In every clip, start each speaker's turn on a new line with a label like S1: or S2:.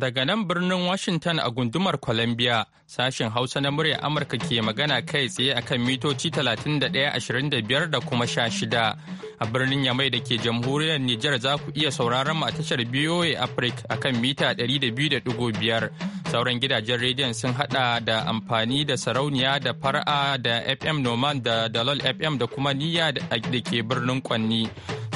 S1: Daga nan birnin Washington a gundumar Columbia, sashen Hausa na murya Amurka ke magana kai tsaye akan mitoci 31.25 da kuma sha shida A birnin Yamai da ke jamhuriyar Nijar za ku iya sauraron mu a tashar BOA Africa akan mita 200.5. Sauran gidajen rediyon sun hada da amfani da sarauniya da far'a da FM Noman da Dalol FM da kuma niyya da ke birnin Kwanni.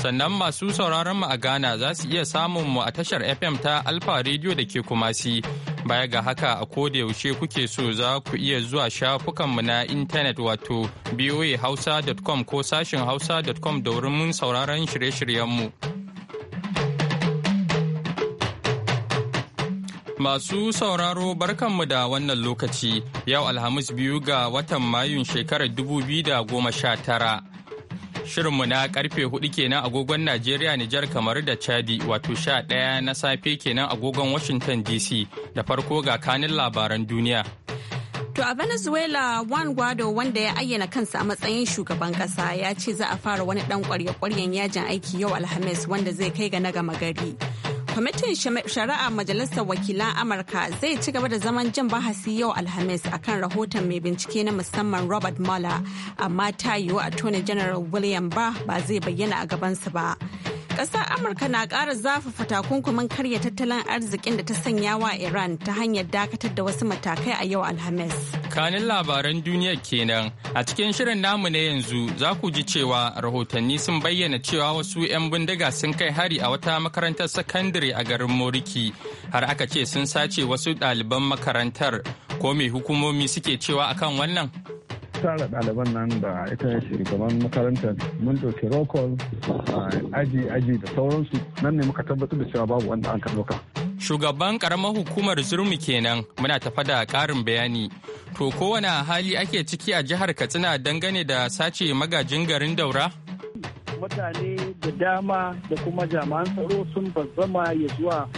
S1: Sannan masu sauraron mu a Ghana za su iya samun mu a tashar FM ta Alfa Radio da ke Kumasi. Baya ga haka a koda yaushe kuke so za ku iya zuwa shafukanmu na intanet wato boahausa.com ko sashin hausa.com da mun sauraron shirye-shiryenmu. Masu sauraro barkanmu da wannan lokaci, yau Alhamis biyu ga watan Mayun shekarar 2019. Shirinmu na karfe hudu kenan agogon Najeriya, Nijar kamar da Chadi wato sha ɗaya na safe kenan agogon Washington DC da farko ga kanin labaran duniya.
S2: To a Venezuela Juan Guaido wanda ya ayyana kansa a matsayin shugaban kasa ya ce za a fara wani dan kwarya-kwaryen yajin aiki yau Alhamis wanda zai kai ga na gama gari. Kwamitin Shari'a Majalisar Wakilan Amurka zai ci gaba da zaman jin bahasi yau Alhamis akan rahoton mai bincike na musamman Robert Mueller, amma ta yiwu toni General William Barr ba zai bayyana a gabansa ba. Ƙasar Amurka na ƙara zafafa takunkumin karya tattalin arzikin da ta sanya wa Iran ta hanyar dakatar da wasu matakai a yau Alhamis.
S1: Kanin labaran duniya kenan a cikin shirin namu na yanzu za ku ji cewa rahotanni sun bayyana cewa wasu 'yan bindiga sun kai hari a wata makarantar sakandare a garin Moriki har aka ce sun sace wasu ɗaliban makarantar ko mai hukumomi suke cewa akan wannan?
S3: tara ɗaliban nan da ita shugaban makarantar mun ɗauki rokol aji aji da sauransu nan ne muka tabbatar da cewa babu wanda an ka ɗauka.
S1: Shugaban karamar hukumar zurmi kenan muna tafa da ƙarin bayani. To kowane hali ake ciki a jihar Katsina dangane da sace magajin garin Daura?
S4: Mutane da dama da kuma jami'an tsaro sun bazzama ya zuwa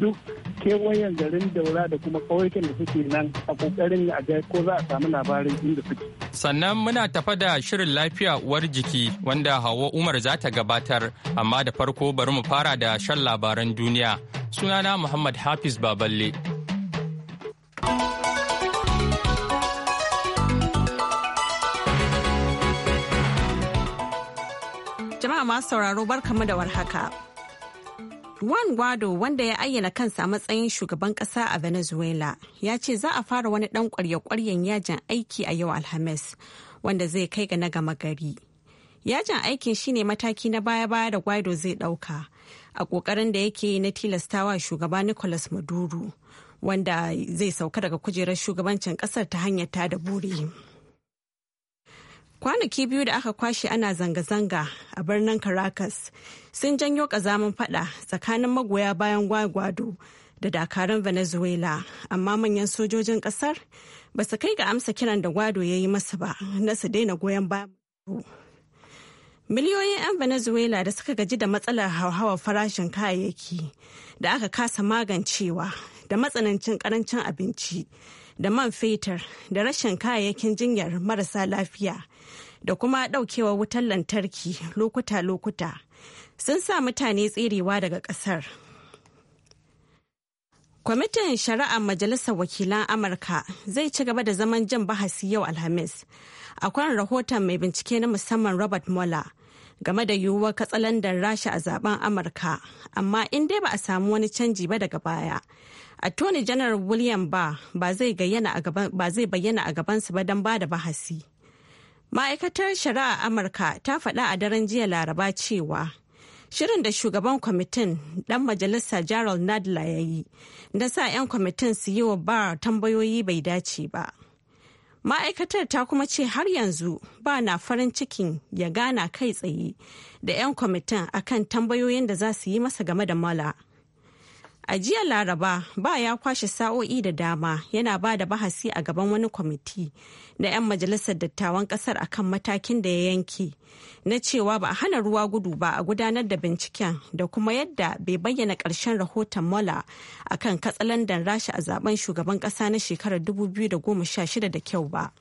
S4: duk kewayen garin daura da kuma kauyukan da suke nan a kokarin a ga ko za a samu labarin inda suke.
S1: Sannan muna tafa da shirin lafiya uwar jiki wanda Hauwa Umar za ta gabatar amma da farko bari mu fara da shan labaran duniya. Sunana Muhammad Hafiz Baballe.
S2: Jama'a masu sauraro barkamu da warhaka. Juan Guaido wanda ya ayyana kansa a matsayin shugaban kasa a Venezuela ya ce za a fara wani dan kwarya-kwaryen yajin aiki a yau Alhamis wanda zai kai ga na gama gari. Yajin aikin shine mataki na baya-baya da Guaido zai dauka a kokarin da yake na tilastawa shugaba Nicolas Maduro wanda zai sauka daga kujerar shugabancin kasar ta hanyar ta da buri. kwanaki biyu da aka kwashe ana zanga-zanga a birnin caracas sun janyo kazamin fada tsakanin magoya bayan gwagwado da dakarun venezuela amma manyan sojojin ƙasar ba su kai ga amsa kiran da gwado ya yi masa ba na su daina goyon bayan miliyoyin 'yan venezuela da suka gaji da matsalar hauhawar farashin kayayyaki da aka kasa magancewa da matsanancin karancin abinci da man fetur da rashin kayayyakin jinyar marasa lafiya da kuma ɗaukewar wutar lantarki lokuta-lokuta sun sa mutane tserewa daga ƙasar. Kwamitin Shari'ar Majalisar Wakilan Amurka zai ci gaba da zaman jin bahasi yau Alhamis a rahoton mai bincike na musamman Robert Mueller game da yiwuwar katsalandar Rasha a zaben Amurka, amma in dai ba a samu wani canji ba daga baya. Attorney Janar William Barr ba zai bayyana a gabansu ba don ba da bahasi. Ma'aikatar Shari'a Amurka ta faɗa a daren jiya Laraba cewa shirin da shugaban kwamitin dan majalisa Gerald Nadla ya yi da sa 'yan kwamitin su yi wa bar tambayoyi bai dace ba. Ma'aikatar ta kuma ce har yanzu ba na farin cikin ya gana kai tsaye da 'yan kwamitin akan tambayoyin da za su yi masa game da mala. A jiya Laraba ba ya kwashe sa'o'i da dama yana ba da bahasi a gaban wani kwamiti na 'yan majalisar dattawan kasar akan matakin da ya yanke na cewa ba a hana ruwa gudu ba a gudanar da binciken da kuma yadda bai bayyana ƙarshen rahoton mola akan katsalandan rasha a zaben shugaban ƙasa na shekarar 2016 da kyau ba.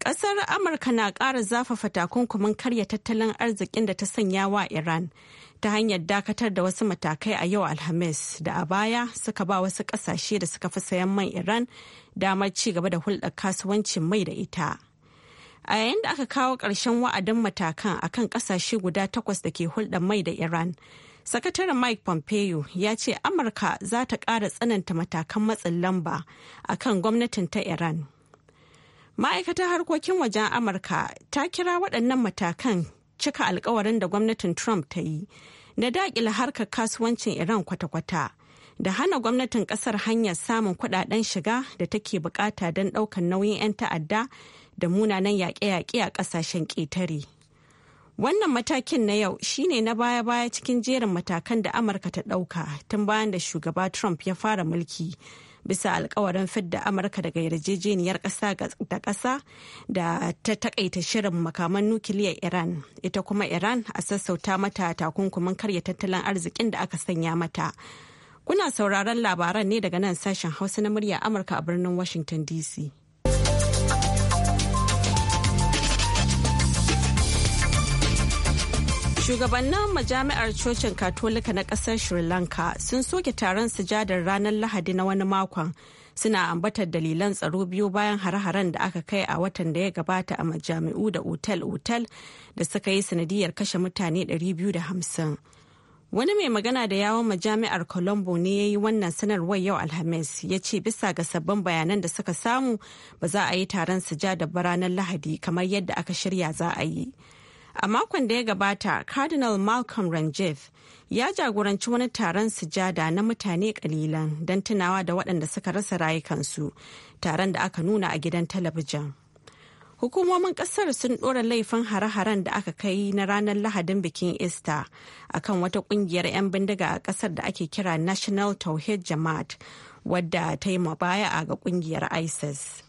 S2: Ƙasar Amurka na ƙara zafafa takunkumin karya tattalin arzikin da ta sanya wa Iran ta hanyar dakatar da wasu matakai a yau alhamis da a baya suka ba wasu kasashe da suka fi sayan man iran damar ci gaba da hulɗar kasuwancin mai da ita a yayin da aka kawo ƙarshen wa'adin matakan a kan ƙasashe guda takwas da ke hulɗar mai da iran sakataren mike pompeo ya ce amurka za ta ƙara tsananta matakan matsin lamba akan gwamnatin ta iran ma'aikatar harkokin wajen amurka ta kira waɗannan matakan cika alkawarin da gwamnatin Trump ta yi na daƙile harkar kasuwancin Iran kwata-kwata da hana gwamnatin ƙasar hanyar samun kuɗaɗen shiga da take bukata don ɗaukar nauyin 'yan ta'adda da munanan yaƙe-yaƙe a ƙasashen ƙetare. Wannan matakin na yau shine na baya-baya cikin jerin matakan da Amurka ta ɗauka tun bayan da shugaba Trump ya fara mulki. bisa alkawarin fidda amurka daga yarjejeniyar ƙasa da ƙasa da ta takaita shirin makaman nukiliyar iran ita kuma iran a sassauta mata takunkumin karya tattalin arzikin da aka sanya mata kuna sauraron labaran ne daga nan sashen hausa na murya amurka a birnin washington dc Shugabannin majami'ar cocin Katolika na ƙasar Sri Lanka sun soke taron sujadar ranar Lahadi na wani makon suna ambatar dalilan tsaro biyu bayan hare-haren da aka kai a watan da ya gabata a majami'u da otal-otal da suka yi sanadiyar kashe mutane 250. Wani mai magana da yawon majami'ar Colombo ne ya yi wannan sanarwar yau Alhamis ya ce bisa ga sabbin bayanan da suka samu ba za a yi taron sujada ba ranar Lahadi kamar yadda aka shirya za a yi. A makon da ya gabata, Cardinal Malcolm Ranjiv ya jagoranci wani taron sujada na mutane kalilan don tunawa da waɗanda suka rasa rayukansu, taron da aka nuna a gidan talabijin. Hukumomin ƙasar sun ɗora laifin hare-haren da aka kai na ranar Lahadin bikin Easter akan wata ƙungiyar 'yan bindiga a ƙasar da ake kira National Tauhid Jamaat, wadda ta yi mabaya ga ƙungiyar ISIS.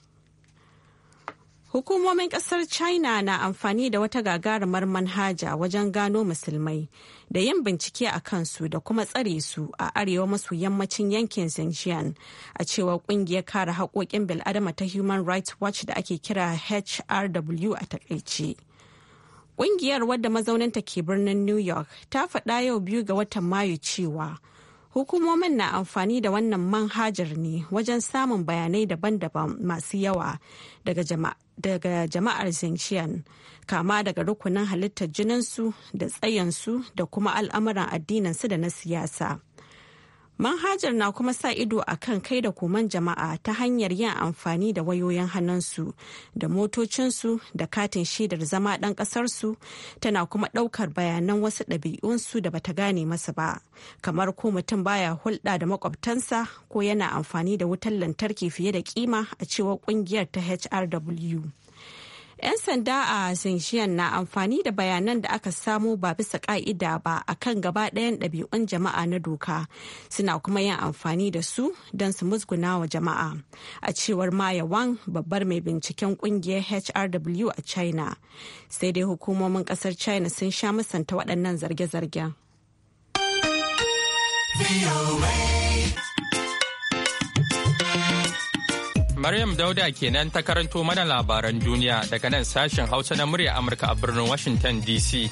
S2: Hukumomin kasar China na amfani da wata gagarumar manhaja wajen gano musulmai da yin bincike a kansu da kuma tsare su a arewa masu yammacin yankin Xinjiang a cewar kungiyar kare haƙoƙin bil'adama ta Human Rights Watch da ake kira HRW a takaice. Kungiyar wadda mazauninta ke birnin New York ta faɗa yau biyu ga watan Mayu cewa Hukumomin na amfani da wannan manhajar ne wajen samun bayanai daban-daban masu yawa daga jama'ar Xinjiang, kama daga rukunin halittar jininsu da tsayinsu da kuma al'amuran addininsu da na siyasa. Manhajar na kuma sa ido a kan kai da koman jama'a ta hanyar yin amfani da wayoyin hannunsu da motocinsu da katin shaidar zama ɗan ƙasarsu tana kuma ɗaukar bayanan wasu ɗabi'unsu da bata gane masa ba, kamar ko mutum baya hulɗa da makwabtansa ko yana amfani da wutar lantarki fiye da kima a cewar ƙungiyar ta HRW. 'Yan sanda a Xinjiang na amfani da bayanan da aka samu ba bisa ka'ida ba a kan gaba ɗayan ɗabi'un jama'a na doka suna kuma yin amfani da su don su musguna wa jama'a. A cewar Maya Wang babbar mai binciken kungiyar HRW a China. Sai dai hukumomin ƙasar China sun sha musanta waɗannan zarge-zargen.
S1: Maryam Dauda kenan ta karanto mana labaran duniya daga nan sashen Hausa na murya Amurka a birnin Washington DC.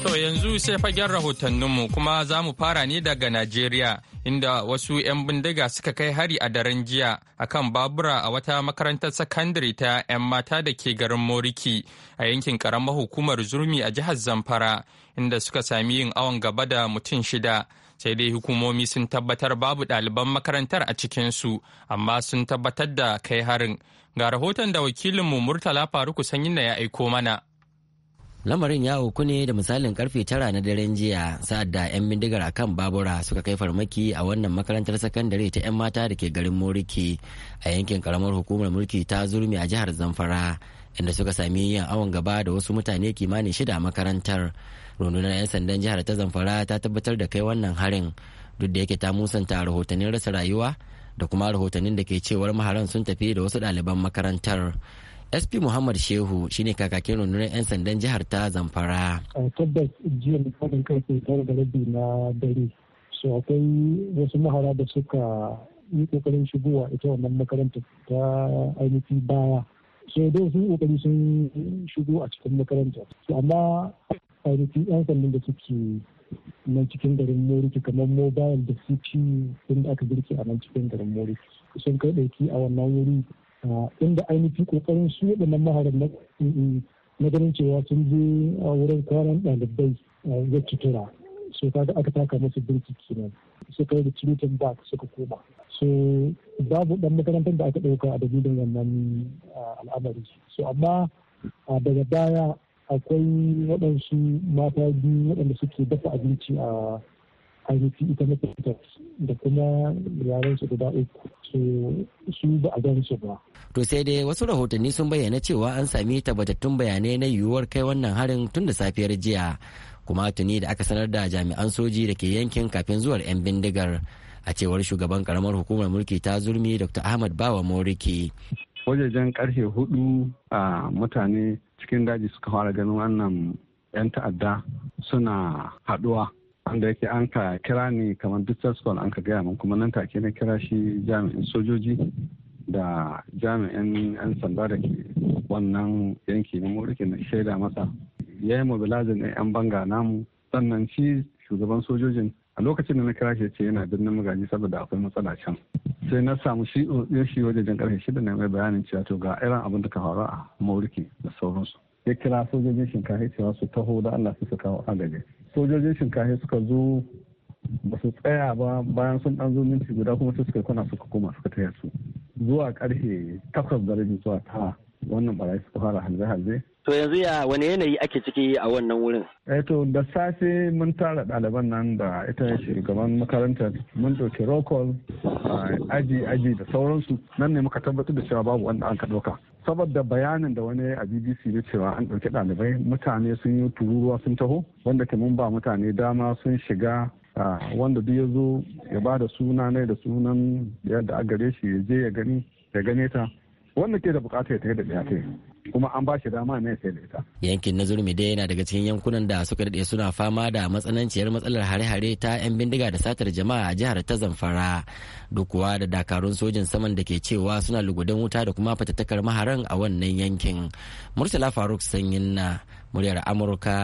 S1: To yanzu sai fagen rahotanninmu kuma za mu fara ne daga Najeriya inda wasu 'yan bindiga suka kai hari a daren jiya a kan babura a wata makarantar sakandare ta 'yan mata da ke garin Moriki a yankin karamar hukumar Zurmi a jihar Zamfara inda suka sami yin awon gaba da mutum shida. sai dai hukumomi sun tabbatar babu ɗaliban makarantar a cikinsu amma sun tabbatar da kai harin ga rahoton da wakilinmu murtala faruku sanyin da ya aiko mana
S5: lamarin ya auku ne da misalin karfe tara na daren jiya sa'ad da 'yan bindigar a kan babura suka kai farmaki a wannan makarantar sakandare ta 'yan mata da ke garin moriki a yankin karamar hukumar mulki ta zurmi a jihar zamfara inda suka sami yin awon gaba da wasu mutane kimanin shida a makarantar rundunar 'yan sandan jihar ta zamfara ta tabbatar da kai wannan harin duk da yake ta musanta rahotannin rasa rayuwa da kuma rahotannin da ke cewar maharan sun tafi da wasu ɗaliban makarantar sp muhammad shehu shine kakakin rundunar 'yan sandan jihar ta zamfara
S6: A tabbas jiya misalin karfe tare da rabi na dare so akwai wasu mahara da suka yi kokarin shigowa ita wannan makaranta ta ainihi baya so dai sun kokari sun shigo a cikin makaranta so amma ainihi 'yan sandan da suke nan cikin garin moriki kamar mobile da cp inda aka girki a nan cikin garin moriki sun kai ɗauki a wannan wuri inda ainihi kokarin su na maharan na ganin cewa sun je a wurin kwanan ɗalibai ya cutura so kaga aka taka musu birki ne suka yi da cinikin ba suka koma so babu ɗan makarantar da aka ɗauka a dalilin wannan al'amari so amma daga baya akwai waɗansu mata biyu waɗanda suke dafa abinci a ainihi ita na da kuma yaran su guda uku su ba a gan su ba.
S5: To sai dai wasu rahotanni sun bayyana cewa an sami tabbatattun bayanai na yiwuwar kai wannan harin tun da safiyar jiya kuma tuni da aka sanar da jami'an soji da ke yankin kafin zuwar 'yan bindigar a cewar shugaban karamar hukumar mulki ta zurmi dr ahmad bawa moriki
S3: wajajen karfe hudu a mutane cikin daji suka fara ganin wannan 'yan ta'adda suna haduwa wanda yake an ka kira ni kamar duk school an ka gaya min kuma nan take na kira shi jami'in sojoji da jami'in 'yan sanda da ke wannan yanki na morikin na shaida masa ya yi mobilizing na 'yan banga namu sannan shi shugaban sojojin a lokacin da na kira shi ce yana birnin magaji saboda akwai matsala can sai na samu shi ya shi wajejen karfe shida na mai bayanin cewa to ga irin abin da ka faru a mauriki da sauransu ya kira sojojin shinkafa cewa su taho da allah su su kawo agaji sojojin shinkafi suka zo ba su tsaya ba bayan sun ɗan zo minti guda kuma su suka kuna suka koma suka taya su zuwa karfe takwas da rabi zuwa ta wannan barayi suka fara halbe-halbe
S5: To yanzu ya wani yanayi ake ciki a wannan wurin?
S3: Eh to da safe mun tara ɗaliban nan da ita gaban makarantar mun ɗauki rokol aji aji da sauransu nan ne muka tabbatar da cewa babu wanda an ka ɗauka. saboda bayanin da wani a bbc na cewa an ɗauki ɗalibai mutane sun yi tururuwa sun taho wanda kamun ba mutane dama sun shiga wanda duk ya zo ya ba da suna ne da sunan yadda a gare shi ya je ya gani ya gane ta wanda ke da bukatar ta da ɗaya ta kuma an ba shi dama ne sai da ita.
S5: Yankin na Zurmi dai yana daga cikin yankunan da suka daɗe suna fama da matsananciyar matsalar hare-hare ta 'yan bindiga da satar jama'a a jihar ta Zamfara. Duk kuwa da dakarun sojin saman da ke cewa suna lugudan wuta da kuma fatattakar maharan a wannan yankin. Murtala Faruk Sanyin na muryar Amurka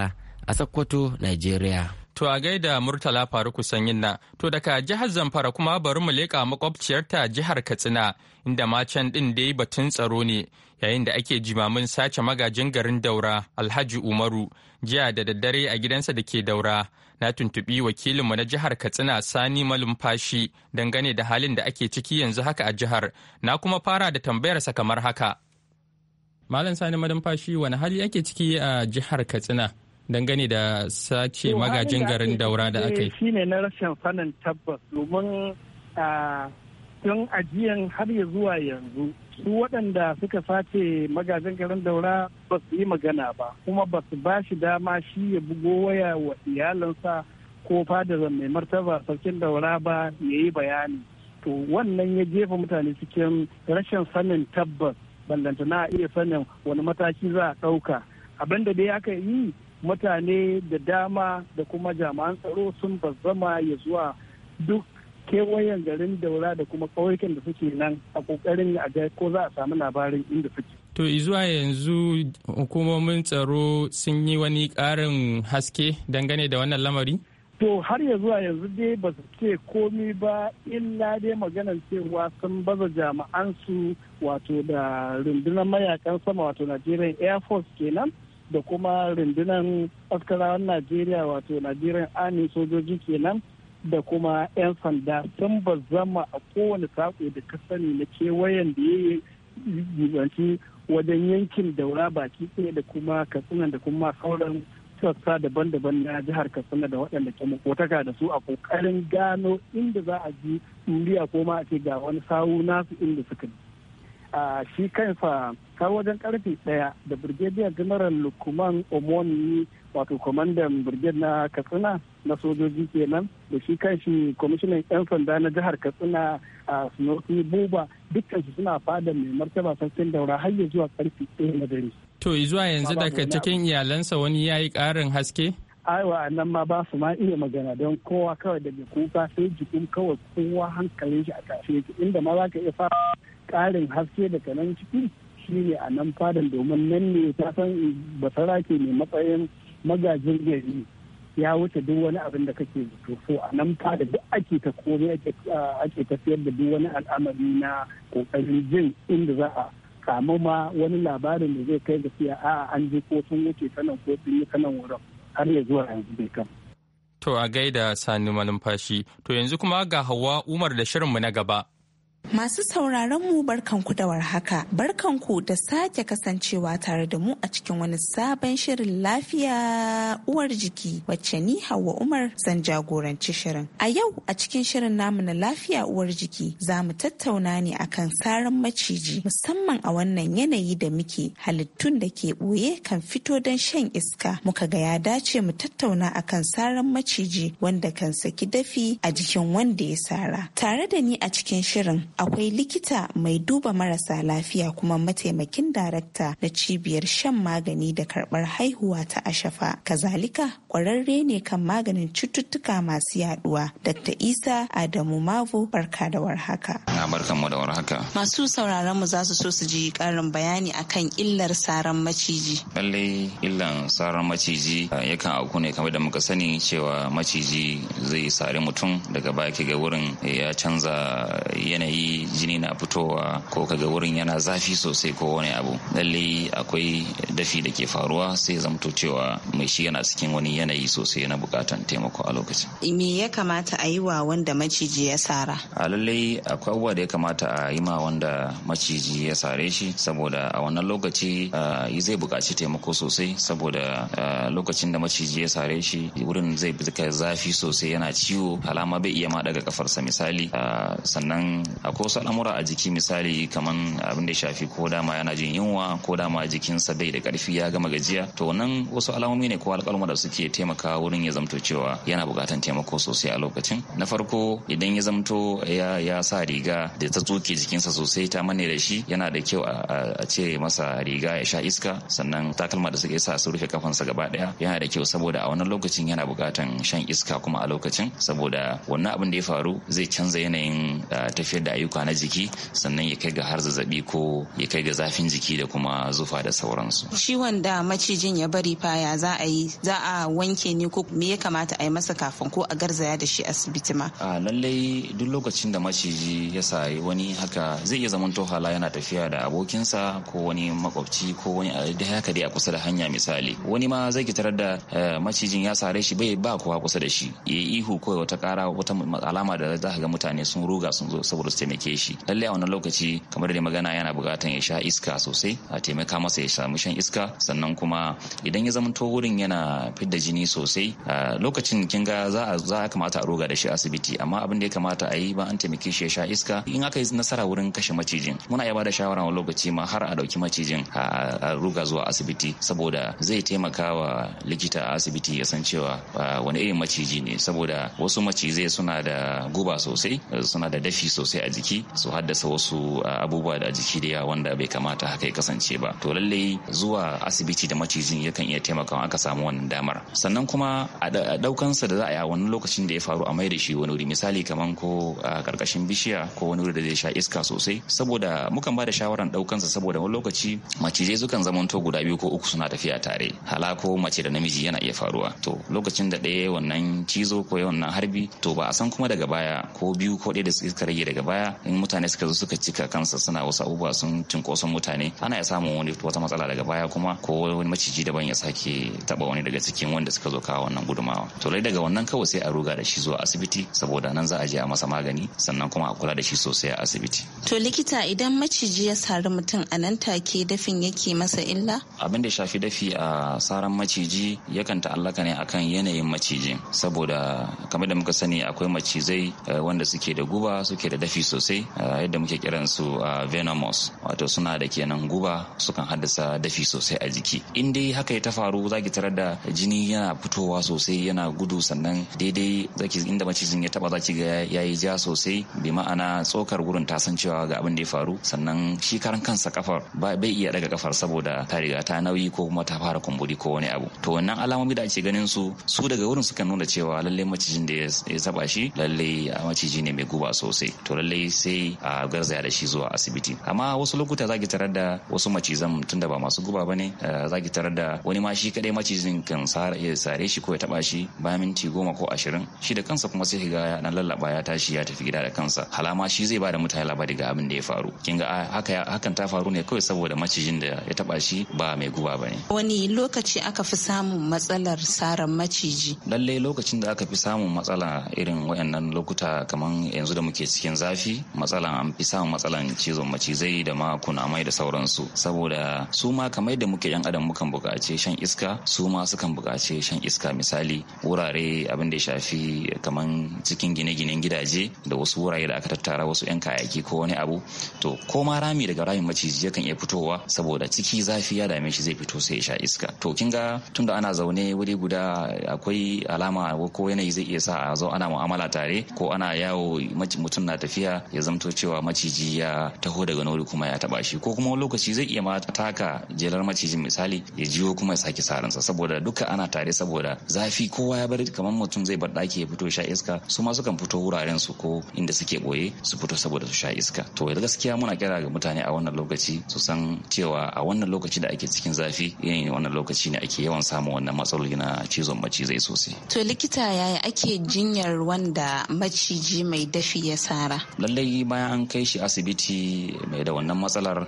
S5: a Sokoto, Nigeria.
S1: To a gaida Murtala kusan yin na, to daga jihar Zamfara kuma bari mu leƙa makwabciyarta jihar Katsina, inda macen ɗin dai batun tsaro ne, yayin da ake jimamin sace magajin garin Daura, Alhaji Umaru, jiya da daddare a gidansa da ke Daura. Na tuntuɓi wakilinmu na jihar Katsina Sani Malumfashi dangane da halin da ake ciki yanzu haka a jihar, na kuma fara da tambayarsa kamar haka. Malam Sani Malumfashi, wani hali ake ciki a jihar Katsina? dangane da sace magajin garin daura da aka yi
S4: shi ne na rashin fannin tabbas domin a tun ajiyan har ya zuwa yanzu su waɗanda suka sace magajin garin daura ba su yi magana ba kuma ba su ba shi dama shi ya bugo waya wa iyalinsa ko fadar mai martaba sarkin daura ba ya yi bayani to wannan ya jefa mutane cikin rashin sanin tabbas ballantana a iya sanin wani mataki za a ɗauka abin da dai aka yi mutane da dama da kuma jami'an tsaro sun bazzama ya zuwa duk kewayen garin daura da kuma ƙauyukan da suke nan a ƙoƙarin a ga ko za a
S1: samu labarin inda suke To zuwa yanzu hukumomin tsaro sun yi wani ƙarin haske dangane da wannan lamari?
S4: To har ya zuwa yanzu dai ba su ce komi ba illa dai maganar cewa sun baza jama'ansu wato da rundunar mayakan sama wato Nigerian Air Force kenan da kuma rundunar askarawan najeriya wato najeriya army sojoji kenan da kuma 'yan sanda sun zama a kowane sako da ka sani na kewayen da ya yi wajen yankin daura baki tsaye da kuma katsina da kuma sauran sassa daban-daban na jihar katsina da waɗanda ke makotaka da su a kokarin gano inda za a ji muriya ko ma a ce ga wani sawu nasu inda suka a shi kansa har wajen karfe daya da brigadier general lukman omoni wato kwamandan birgid na katsina na sojoji kenan da shi kanshi kwamishinan 'yan sanda na jihar katsina a sunoki buba su suna fada mai martaba sarkin daura har ya zuwa karfe daya na dare.
S1: to zuwa yanzu daga cikin iyalansa wani ya yi ƙarin haske aiwa nan ma ba su
S4: ma iya magana don kowa kawai daga kuka sai jikin kawai kowa hankalin shi a tashe inda ma za ka iya fara ƙarin haske daga nan ciki shi ne a nan fadan domin nan ne ta san basara ke mai matsayin magajin gari ya wuce duk wani abin da kake zuto so a nan fada duk ake ta kome ah, ake tafiyar da duk wani al'amari na kokarin jin inda za a samu ma wani labarin da zai kai gaskiya a an ji ko sun wuce sanan ko sun yi sanan wurin har ya zuwa yanzu bai kan.
S1: To a gaida sani malumfashi, to yanzu kuma ga hawa Umar da shirinmu na gaba.
S7: Masu sauraron mu barkanku da warhaka, barkanku da sake kasancewa tare da mu a cikin wani sabon shirin lafiya uwar jiki wacce ni Hauwa Umar zan jagoranci shirin. A yau a cikin shirin namu na lafiya uwar jiki za mu tattauna ne akan saran maciji musamman a wannan yanayi da muke halittun da ke ɓoye kan fito don shan iska. Muka ga ya dace mu tattauna akan saran maciji wanda kan saki dafi a jikin wanda ya sara. Tare da ni a cikin shirin akwai likita mai duba marasa lafiya kuma mataimakin darakta na cibiyar shan magani da karbar haihuwa ta ashafa kazalika kwararre ne kan maganin cututtuka masu yaduwa dr isa adamu mavo barka da warhaka
S8: mu da warhaka
S7: masu sauraron mu za su so su ji karin bayani akan illar saran maciji
S8: lallai illan saran maciji yakan auku ne kamar da muka sani cewa maciji zai sari mutum daga baki ga wurin ya canza yanayi jini na fitowa ko kaga wurin yana zafi sosai ko wani abu lalle akwai dafi da ke faruwa sai zamto cewa mai shi yana cikin wani yanayi sosai na bukatan taimako a lokacin
S7: me ya kamata a yi wa wanda maciji ya sara
S8: a lalle akwai abubuwa da ya kamata a yi ma wanda maciji ya sare shi saboda a wannan lokaci zai bukaci taimako sosai saboda lokacin da maciji ya sare shi wurin zai bi zafi sosai yana ciwo alama bai iya ma daga kafarsa misali sannan akwai wasu al'amura a jiki misali kaman abin da ya shafi ko dama yana jin yunwa ko dama jikinsa bai da karfi ya gama gajiya to wannan wasu alamomi ne ko alƙalma da suke taimakawa wurin ya zamto cewa yana buƙatan taimako sosai a lokacin na farko idan ya zamto ya ya sa riga da ta tsoke jikinsa sosai ta manne da shi yana da kyau a ce masa riga ya sha iska sannan takalma da suke sa su rufe kafansa gaba daya yana da kyau saboda a wannan lokacin yana buƙatan shan iska kuma a lokacin saboda wannan abin da ya faru zai canza yanayin eh, tafiyar da ayyuka na jiki sannan ya kai ga har zazzabi ko ya kai ga zafin jiki da kuma zufa da sauransu
S7: ciwon da macijin ya bari faya za a yi za a wanke ne ko me ya kamata a yi masa kafin ko a garzaya da shi asibiti ma
S8: a lallai duk lokacin da maciji ya sa wani haka zai iya zaman hala yana tafiya da abokinsa ko wani makwabci ko wani da haka dai a kusa da hanya misali wani ma zai ki tarar da eh, macijin ya sare shi bai ba kowa kusa da shi ya ihu ko wata kara wata alama da za ga mutane sun ruga sun zo saboda su taimake shi lalle a wannan lokaci kamar da magana yana bukatan ya sha iska sosai a taimaka masa ya samu shan iska sannan kuma idan ya zamanto wurin yana fidda jini sosai lokacin kin ga za a kamata a roga da shi asibiti amma abin da ya kamata a yi ba an taimake shi ya sha iska in aka yi nasara wurin kashe macijin muna iya bada shawara wani lokaci ma har a dauki macijin a ruga zuwa asibiti saboda zai taimaka wa likita a asibiti ya san cewa wani irin maciji ne saboda wasu macizai suna da guba sosai suna da dafi sosai a jiki jiki su haddasa wasu ah, abubuwa da jiki da yawa wanda bai kamata haka ya kasance ba to lallai zuwa asibiti da macijin yakan iya taimakawa aka samu wannan damar sannan kuma a daukansa da za a yi a wani lokacin da ya faru a mai da shi wani wuri misali kamar ko a ah, karkashin bishiya ko wani wuri da zai sha iska sosai saboda mukan ba da shawaran daukansa saboda wani lokaci macizai sukan zamanto guda biyu ko uku suna tafiya tare hala ko mace da namiji yana iya faruwa to lokacin da ɗaya wannan cizo ko wannan harbi to ba a san kuma daga baya ko biyu ko ɗaya da su suka rage daga baya in mutane suka zo suka cika kansa suna wasu abubuwa sun cinkoson mutane ana ya samun wani wata matsala daga baya kuma ko wani maciji daban ya sake taba wani daga cikin wanda suka zo kawo wannan gudumawa to lai daga wannan kawai sai a ruga da shi zuwa asibiti saboda nan za a je a masa magani sannan kuma a kula da shi sosai a asibiti
S7: to likita idan maciji ya sari mutum a nan take dafin yake masa illa
S8: abin da shafi dafi a saran maciji yakan ta'allaka ne akan yanayin macijin saboda kamar da muka sani akwai macizai eh, wanda suke da guba suke da dafi sosai sosai yadda muke kiran su venomous wato suna da kenan guba sukan haddasa dafi sosai a jiki in dai haka ya ta faru zaki tarar da jini yana fitowa sosai yana gudu sannan daidai zaki inda macizin ya taba zaki ga yayi ja sosai bi ma'ana tsokar gurin ta san cewa ga abin da ya faru sannan shi karan kansa kafar bai iya daga kafar saboda ta riga ta nauyi ko kuma ta fara kumburi ko wani abu to wannan alamomi da ake ganin su su daga wurin suka nuna cewa lallai macijin da ya saba shi lallai maciji ne mai guba sosai to lallai sai a garzaya da shi zuwa asibiti amma wasu lokuta zaki tarar da wasu macizan tunda ba masu guba bane zaki tarar da wani ma shi kadai macizin kan sare iya sare shi ko ya taba shi bayan minti goma ko ashirin shi da kansa kuma sai ga na dan lallaba ya tashi ya tafi gida da kansa halama shi zai bada mutane labari ga abin da ya faru kin ga haka hakan ta faru ne kawai saboda macijin da ya taba shi ba mai guba bane
S7: wani lokaci aka fi samun matsalar saran maciji
S8: Lalle lokacin da aka fi samun matsala irin wayannan lokuta kamar yanzu da muke cikin zafi matsalan an fi samun matsalan cizon macizai da ma kunamai da sauransu saboda su ma kamar da muke yan adam mukan bukaci shan iska su ma sukan bukaci shan iska misali wurare abin da ya shafi kamar cikin gine-ginen gidaje da wasu wurare da aka tattara wasu yan kayaki ko wani abu to ko ma rami daga ramin maciji yakan iya fitowa saboda ciki zafi ya dame shi zai fito sai ya sha iska to kin ga tunda ana zaune wuri guda akwai alama ko yanayi zai iya sa a zo ana mu'amala tare ko ana yawo mutum na tafiya ya zamto cewa maciji ya taho daga wani kuma ya taba shi ko kuma lokaci zai iya taka jelar macijin misali ya jiwo kuma ya sake sarinsa saboda duka ana tare saboda zafi kowa ya bar kamar mutum zai bar daki ya fito sha iska su ma sukan fito wuraren su ko inda suke boye su fito saboda su sha iska to gaskiya muna kira ga mutane a wannan lokaci su san cewa a wannan lokaci da ake cikin zafi irin wannan lokaci ne ake yawan samun wannan matsaloli na cizon macizai sosai
S7: to likita yaya ake jinyar wanda maciji mai dafi ya sara
S8: lallai bayan an kai shi asibiti mai da wannan matsalar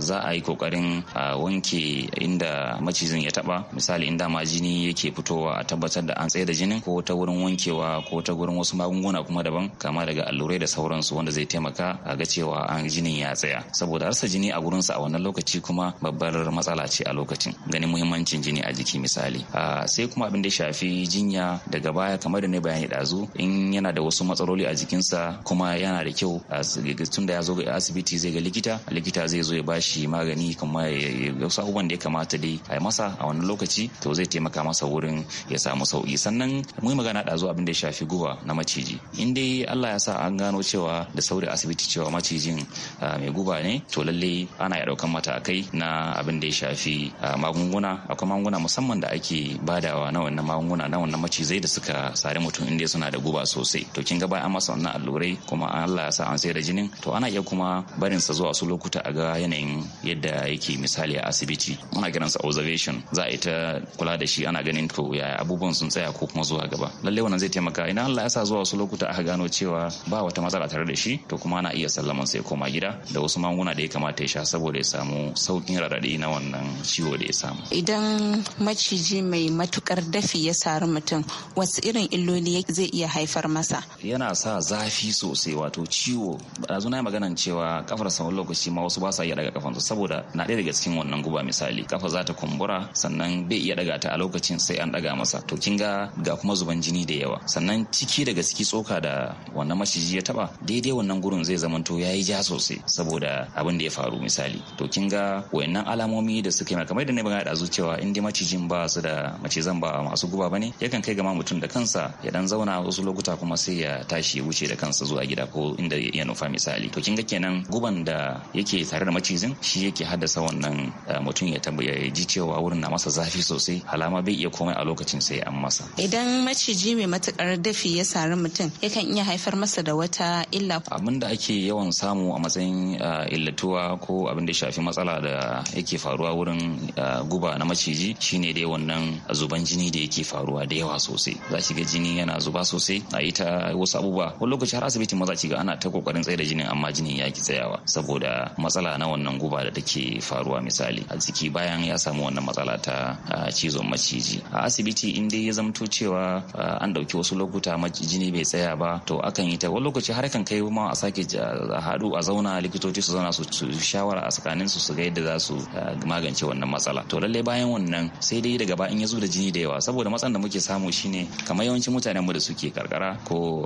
S8: za a yi kokarin wanke inda macizin ya taba misali inda ma jini yake fitowa a tabbatar da an tsaye da jinin ko ta wurin wankewa ko ta wurin wasu magunguna kuma daban kama daga allurai da sauransu wanda zai taimaka a ga cewa an jinin ya tsaya saboda harsa jini a gurinsa a wannan lokaci kuma babbar matsala ce a lokacin ganin muhimmancin jini a jiki misali sai kuma abin da shafi jinya daga baya kamar da ne bayani dazu in yana da wasu matsaloli a jikinsa kuma yana da kyau tun da ya zo asibiti zai ga likita likita zai zo ya bashi magani kuma wasu abubuwan da ya kamata dai a yi masa a wani lokaci to zai taimaka masa wurin ya samu sauki sannan mu magana da zo abin da ya shafi guba na maciji in dai Allah ya sa an gano cewa da sauri asibiti cewa macijin mai guba ne to lallai ana ya daukan matakai na abin da ya shafi magunguna akwai magunguna musamman da ake badawa na wannan magunguna na wannan macizai da suka sare mutum inda suna da guba sosai to kin ga bayan masa wannan allurai kuma Allah sa an sai da jinin to ana iya kuma barin sa zuwa su lokuta a ga yanayin yadda yake misali a asibiti ana kiransa observation za a ita kula da shi ana ganin to yaya abubuwan sun tsaya ko kuma zuwa gaba lallai wannan zai taimaka idan Allah ya sa zuwa su lokuta a gano cewa ba wata matsala tare da shi to kuma ana iya sallaman sa ya koma gida da wasu magunguna da ya kamata ya sha saboda ya samu saukin raɗaɗi na wannan ciwo da ya samu
S7: idan maciji mai matukar dafi ya sari mutum wasu irin illoli zai iya haifar masa
S8: yana sa zafi sosai wato ciwo ɗazu na maganan cewa kafar sa wani lokaci ma wasu ba sa iya daga kafansu saboda na ɗaya daga cikin wannan guba misali kafa za ta kumbura sannan bai iya daga ta a lokacin sai an daga masa to kin ga ga kuma zuban jini da yawa sannan ciki daga ciki tsoka da wannan maciji ya taba daidai wannan gurin zai zamanto ya yi ja sosai saboda abin da ya faru misali to kin ga wayannan alamomi da suka yi kamar da na bayyana da cewa in dai macijin ba su da zan ba masu guba bane yakan kai ga mutum da kansa ya dan zauna wasu lokuta kuma sai ya tashi ya wuce da kansa zuwa gida ko in da ya nufa misali to kin ga kenan guban da yake tare da macizin shi yake haddasa wannan eh, mutum ya tabbaya ji cewa wurin na masa zafi sosai alama bai iya komai a lokacin sai an masa
S7: idan maciji mai matukar dafi ya sari mutum yakan iya haifar masa da wata illa abin
S8: da ake yawan samu a matsayin eh, illatuwa ko abin da shafi matsala da yake faruwa wurin eh, guba na maciji shine dai wannan zuban jini da yake faruwa da yawa sosai za ki ga jini yana zuba sosai a yi ta wasu abubuwa wani lokaci har asibitin maza ki ga ana ta kokarin tsaye da jinin amma jinin ya ki tsayawa saboda matsala na wannan guba da take faruwa misali a jiki bayan ya samu wannan matsala ta cizon maciji a asibiti in dai ya zamto cewa an dauki wasu lokuta jini bai tsaya ba to akan yi ta wani lokaci har kan kai ma a sake haɗu a zauna likitoci su zauna su shawara a tsakanin su su ga yadda za su magance wannan matsala to lallai bayan wannan sai dai daga in ya zo da jini da yawa saboda matsalan da muke samu shine kamar yawancin mutanen mu da suke karkara ko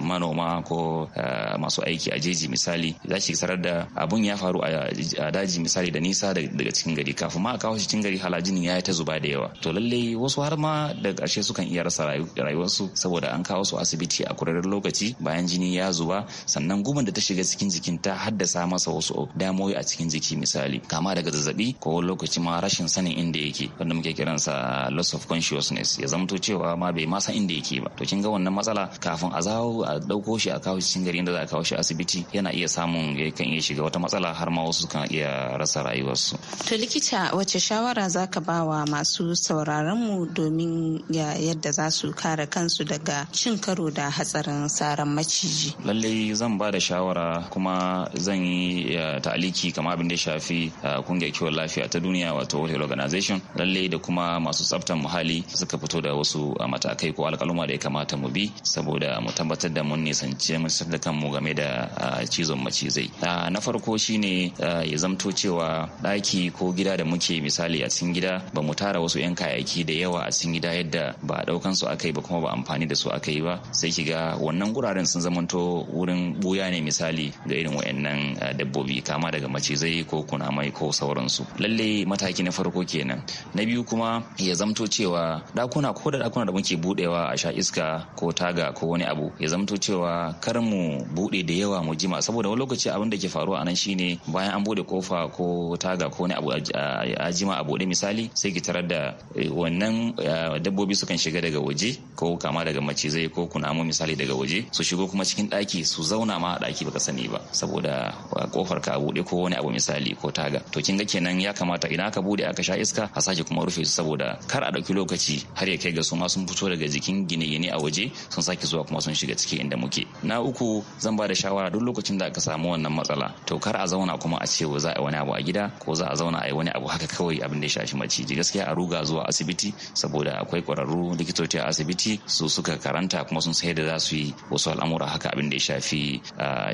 S8: manoma ko masu aiki a jeji misali za shi sarar da abun ya faru a daji misali da nisa daga cikin gari kafin ma a kawo shi cikin gari halajinin ya yi ta zuba da yawa to lalle wasu har ma da ƙarshe sukan iya rasa rayuwarsu saboda an kawo su asibiti a kurarren lokaci bayan jini ya zuba sannan gumin da ta shiga cikin jikin ta haddasa masa wasu damoyi a cikin jiki misali kama daga zazzabi ko wani lokaci ma rashin sanin inda yake wanda muke kiransa loss of consciousness ya zamto cewa ma bai ma san inda yake ba to kin ga wannan matsala kafin a zawo a dauko shi a kawo cikin gari da za a kawo shi asibiti yana iya samun ya kan iya shiga wata matsala har ma wasu kan iya rasa rayuwarsu.
S7: To likita wace shawara za ka ba wa masu sauraron mu domin yadda za su kare kansu daga cin karo da hatsarin saran maciji?
S8: Lallai zan ba da shawara kuma zan yi ta'aliki kama abin da ya shafi kungiyar kiwon lafiya ta duniya wato World Organization lallai da kuma masu tsaftan muhalli suka fito da wasu matakai ko alkaluma da ya kamata mu bi saboda mu tabbatar da mun nisanci mu da kan mu game da cizon macizai na farko shine ya zamto cewa ɗaki ko gida da muke misali a cikin gida ba mu tara wasu 'yan kayayyaki da yawa a cikin gida yadda ba a ɗaukan su aka yi ba kuma ba amfani da su aka yi ba sai ki ga wannan guraren sun zamanto wurin buya ne misali ga irin wa'annan dabbobi kama daga macizai ko kunamai ko sauransu lalle mataki na farko kenan na biyu kuma ya zamto cewa ɗakuna ko da ɗakuna da muke buɗewa a sha iska ko taga ko wani abu ya zamto cewa kar mu bude da yawa mu jima saboda wani lokaci abin da ke faruwa anan shine bayan an bude kofa ko taga ko wani abu a jima a bude misali sai ki tarar da eh, wannan eh, dabbobi sukan shiga daga waje ko kama daga macizai ko kunamu misali daga waje su shigo kuma cikin daki su zauna ma a daki baka sani ba saboda kofar eh, ka a bude ko wani abu misali ko taga to kin ga kenan ya kamata idan aka bude aka sha iska a sake kuma rufe su saboda kar a dauki lokaci har ya kai ga su ma sun fito daga jikin gine-gine a waje sun sake zuwa kuma sun shiga ciki inda muke na uku zan ba da shawara duk lokacin da aka samu wannan matsala to kar a zauna kuma a ce za a wani abu a gida ko za a zauna a yi wani abu haka kawai abin da ya shafi maciji gaskiya a ruga zuwa asibiti saboda akwai kwararru likitoci a asibiti su suka karanta kuma sun sai da za su yi wasu al'amura haka abin da ya shafi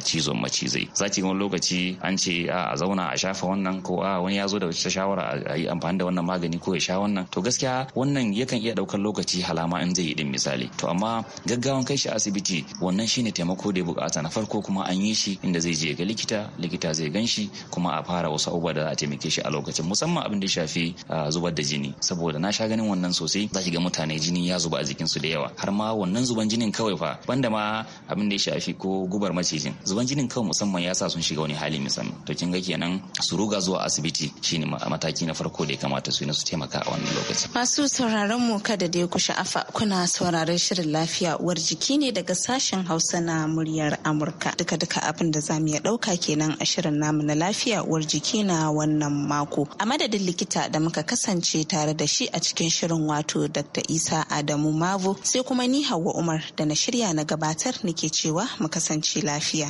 S8: cizon macizai za ki wani lokaci an ce a zauna a shafa wannan ko a wani ya zo da wata shawara a yi amfani da wannan magani ko ya sha wannan to gaskiya wannan yakan iya daukar lokaci halama in zai yi din misali to amma gaggawan kai shi asibiti wannan shine taimako da ya bukata bukata na farko kuma an yi shi inda zai je ga likita likita zai gan shi kuma a fara wasu abubuwa da a taimake shi a lokacin musamman abin da shafi zubar da jini saboda na sha ganin wannan sosai za ga mutane jini ya zuba a jikinsu da yawa har ma wannan zuban jinin kawai fa banda ma abin da ya shafi ko gubar macijin zuban jinin kawai musamman ya sa sun shiga wani hali musamman to kin ga kenan su ruga zuwa asibiti shine mataki na farko da ya kamata su yi su taimaka a wannan lokacin
S7: masu sauraron mu kada da ya ku sha'afa kuna sauraron shirin lafiya uwar jiki ne daga sashen hausa na muryar amurka duka-duka abin da za mu iya ɗauka kenan a shirin namu na lafiya uwar jiki na wannan mako a madadin likita da muka kasance tare da shi a cikin shirin wato dr isa adamu mavo sai kuma ni hawa umar da na shirya na gabatar nake cewa mu kasance lafiya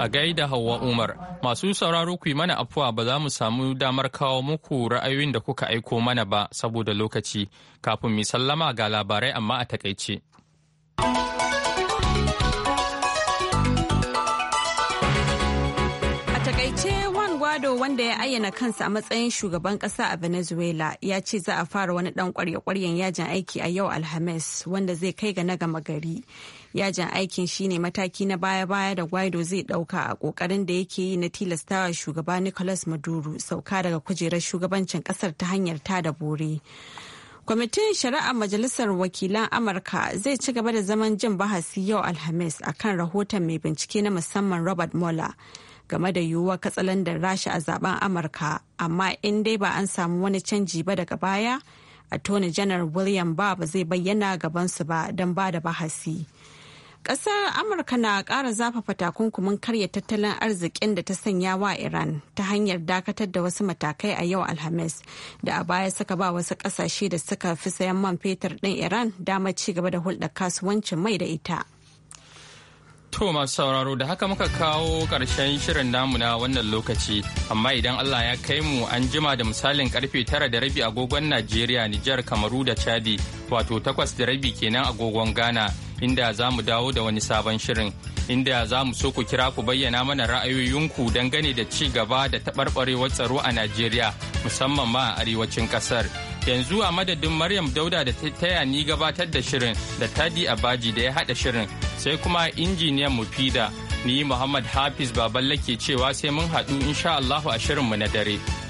S1: a gaida Hauwa Umar. Masu sauraro ku mana afuwa ba za mu samu damar kawo muku ra'ayoyin da kuka aiko mana ba saboda lokaci. Kafin mai sallama ga labarai amma a takaice.
S2: wanda ya ayyana kansa a matsayin shugaban kasa a Venezuela ya ce za a fara wani dan kwarya-kwaryen yajin aiki a yau Alhamis wanda zai kai ga na gama gari. Yajin aikin shine mataki na baya-baya da Guaido zai dauka a kokarin da yake yi na tilastawa shugaba Nicolas Maduro sauka daga kujerar shugabancin kasar ta hanyar tada da bore. Kwamitin Shari'a Majalisar Wakilan Amurka zai ci gaba da zaman jin bahasi yau Alhamis akan rahoton mai bincike na musamman Robert Mueller game da yiwuwar katsalandar rasha a zaben Amurka, amma in dai ba an samu wani canji ba daga baya, Attorney Janar William ba zai bayyana gabansu ba don ba da bahasi. kasar Amurka na kara zafafa takunkumin karya tattalin arzikin da ta sanya wa Iran ta hanyar dakatar da wasu matakai a yau Alhamis da a baya suka ba wasu kasashe da suka fi sayan man fetur din Iran damar ci gaba da hulɗar kasuwancin mai da ita.
S1: To sauraro da haka muka kawo ƙarshen shirin namu na wannan lokaci, amma idan Allah ya kai mu an jima da misalin karfe tara da rabi agogon Najeriya, Nijar, Kamaru da Chadi, wato takwas da rabi kenan agogon Ghana. inda za mu dawo da wani sabon shirin inda za mu so ku kira ku bayyana mana ra'ayoyinku dangane da ci gaba da taɓarɓarewar tsaro a Najeriya musamman ma a arewacin ƙasar. Yanzu a madadin Maryam Dauda da ta taya ni gabatar da shirin da Tadi Abaji da ya haɗa shirin sai kuma injiniyan Mufida ni Muhammad Hafiz Baballe ke cewa sai mun haɗu insha Allahu a mu na dare.